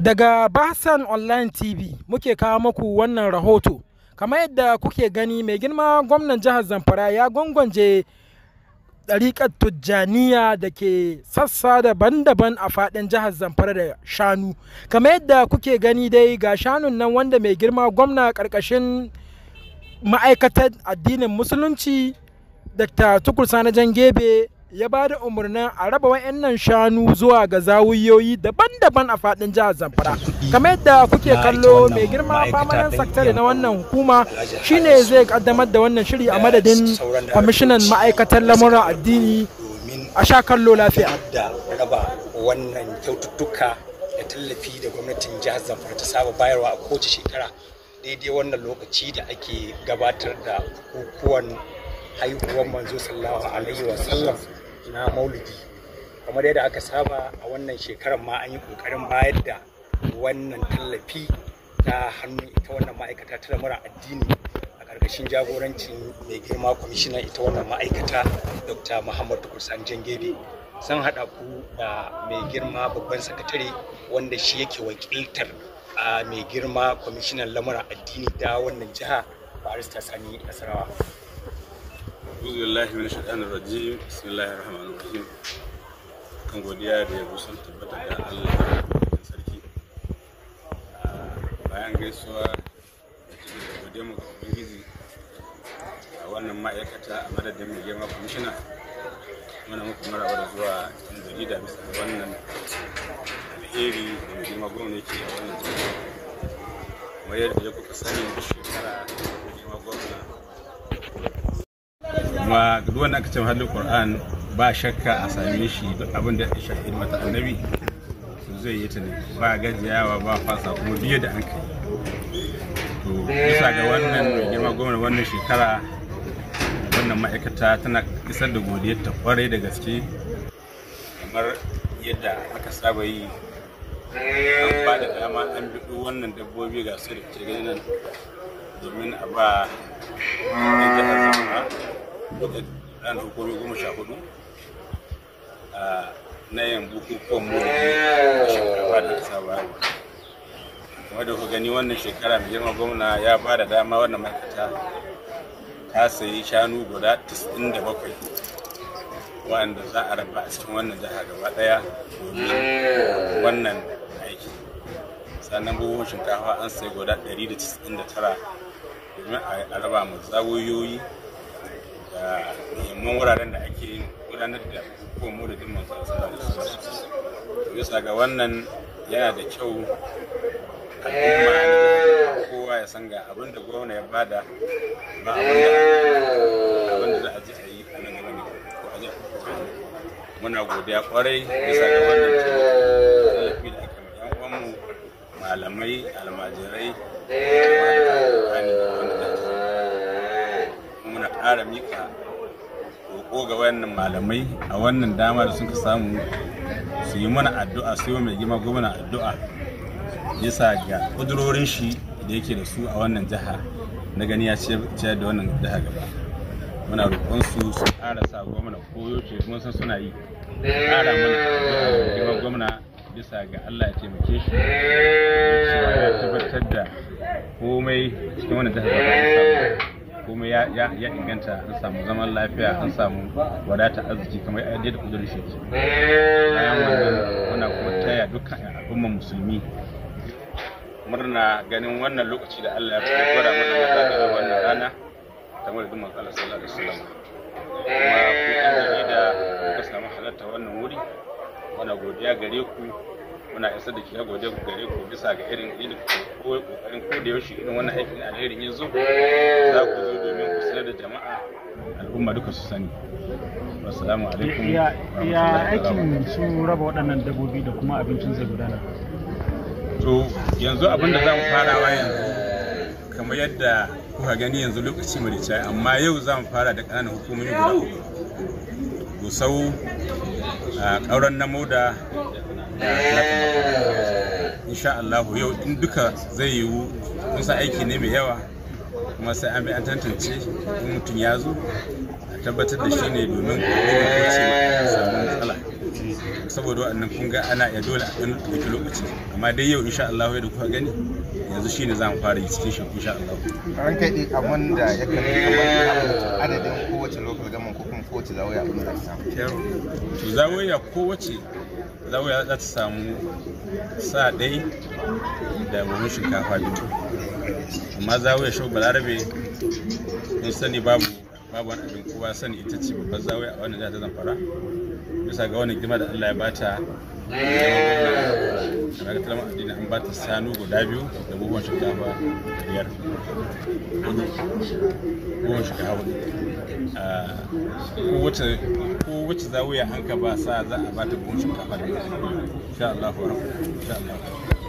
Daga Bahsan Online TV muke kawo muku wannan rahoto. Kamar yadda kuke gani mai girma gwamnan jihar Zamfara ya gwangwanje ɗariƙar Tujjaniya da ke sassa daban-daban a faɗin jihar Zamfara da shanu. Kamar yadda kuke gani dai ga shanun nan wanda mai girma gwamna ƙarƙashin ma'aikatar addinin Musulunci Dr. Tukur Sanajan Gebe. ya ba da umarnin a raba wa'annan shanu zuwa ga zawuyoyi daban-daban a fadin jihar zamfara kamar yadda kuke kallo mai girma famanan saktare na wannan hukuma shine zai kaddamar da wannan shiri a madadin kwamishinan ma'aikatar lamuran addini a sha kallo lafiya da raba wannan kyaututtuka da tallafi da gwamnatin jihar zamfara ta saba bayarwa a kowace shekara daidai wannan lokaci da ake gabatar da bukukuwan haihuwar manzo sallallahu alaihi wa sallam na maulidi kamar yadda aka saba a wannan shekarar ma an yi kokarin bayar da wannan tallafi ta hannun ita wannan ma'aikata ta lamura addini a ƙarƙashin jagorancin mai girma kwamishinan ita wannan ma'aikata dr muhammadu kusan jangebe sun haɗa ku da mai girma babban sakatare wanda shi yake wakiltar a ah, mai girma kwamishinan lamuran addini da wannan jiha barista sani nasarawa أعوذ بالله من الشيطان الرجيم بسم الله الرحمن الرحيم كان غوديا Allah سركي sarki غيسوا ah, gaisuwa مو cikin wannan ma'aikata a madadin mai girma kwamishina muna muku maraba da zuwa cikin jarida bisa ga wannan alheri da mai girma gwamnati a wannan kuka sani shekara mai kuma duk wanda aka ce mahallin qur'an ba shakka a same shi duk abin da ya mata annabi zai yi ta ne ba gajiyawa ba fasa kuma biye da an kai to bisa ga wannan girma gwamnati wannan shekara wannan ma'aikata tana isar da godiyar ta kwarai da gaske kamar yadda aka saba yi an ba da dama an biɗo wannan dabbobi ga su da ke nan domin a ba da jihar ran hukuri goma sha hudu na yin bukukuwan mu shekara da sabuwa kuma da ku gani wannan shekara mai girma gwamna ya ba da dama wannan ma'aikata ta sayi shanu guda 97 waɗanda za a raba a cikin wannan jiha gaba ɗaya domin wannan aiki sannan buhuhun shinkafa an sayi guda 199 domin a raba mu zawoyoyi muhimman wuraren da ake gudanar da bukukuwan mu da din manzo to bisa ga wannan yana da kyau a kowa ya san ga abin da gwamna ya bada ba abin da za a ji a yi a nan gaba ne ko a ji muna godiya kwarai bisa ga wannan wayannan malamai a wannan dama da suka samu su yi mana addu'a su yi mai gima gwamna addu'a bisa ga kudurorin shi da yake da su a wannan jihar na gani ya ciyar da wannan jihar gaba muna roƙon su su ƙara sa gwamna koyo ce kuma san suna yi ƙara mana gima gwamna bisa ga Allah ya taimake shi ya tabbatar da komai cikin wannan jihar da kuma ya inganta an samu zaman lafiya an samu wadata arziki kamar yadda kudin shi ke bayan wannan muna kuma taya dukkan al'ummar musulmi murna ganin wannan lokaci da Allah ya kai gwada mana mata da wannan rana ta da manzo Allah sallallahu alaihi wasallam kuma ku da kuka samu halarta wannan wuri muna godiya gare ku muna isa da ke gode gare ku bisa ga irin irin kokarin ko da yaushe irin wannan aikin a lairin yanzu za ku zo domin ku sanar da jama'a al'umma duka su sani assalamu alaikum ya aikin su raba waɗannan dabbobi da kuma abincin zai gudana to yanzu abin da zamu fara wa yanzu kamar yadda kuka gani yanzu lokaci mu rica amma yau zamu fara da ƙananan hukumomi guda gusau a ƙauran namoda Eh. insha Allah yau in duka zai yiwu mun sa aiki ne mai yawa kuma sai an bi an tantance in mutum ya zo a tabbatar da shi ne domin samu tsala. saboda wannan kun ga ana iya dole a ɗan ɗauki lokaci amma dai yau insha Allah da kuka gani yanzu shi ne za mu fara shi insha Allah. an kai ɗi abin da ya kalli kamar adadin kowace local gama ko kuma kowace zawaya abin da samu. To zawaya kowace lauya za ta samu sa ɗai da buhun shinkafa biyu amma zawiyar shau balarabe mun sani babu babu wani abin kowa sani ita ce babbar zawiya a wannan jihar ta zamfara bisa ga wani girma da allah ya bata kamar talama addini an bata sanu guda biyu da buwan shinkafa da biyar buwan shinkafa ko wacce zawiya an ka ba sa za a bata buwan shinkafa da biyar insha Allah wa rahmatullahi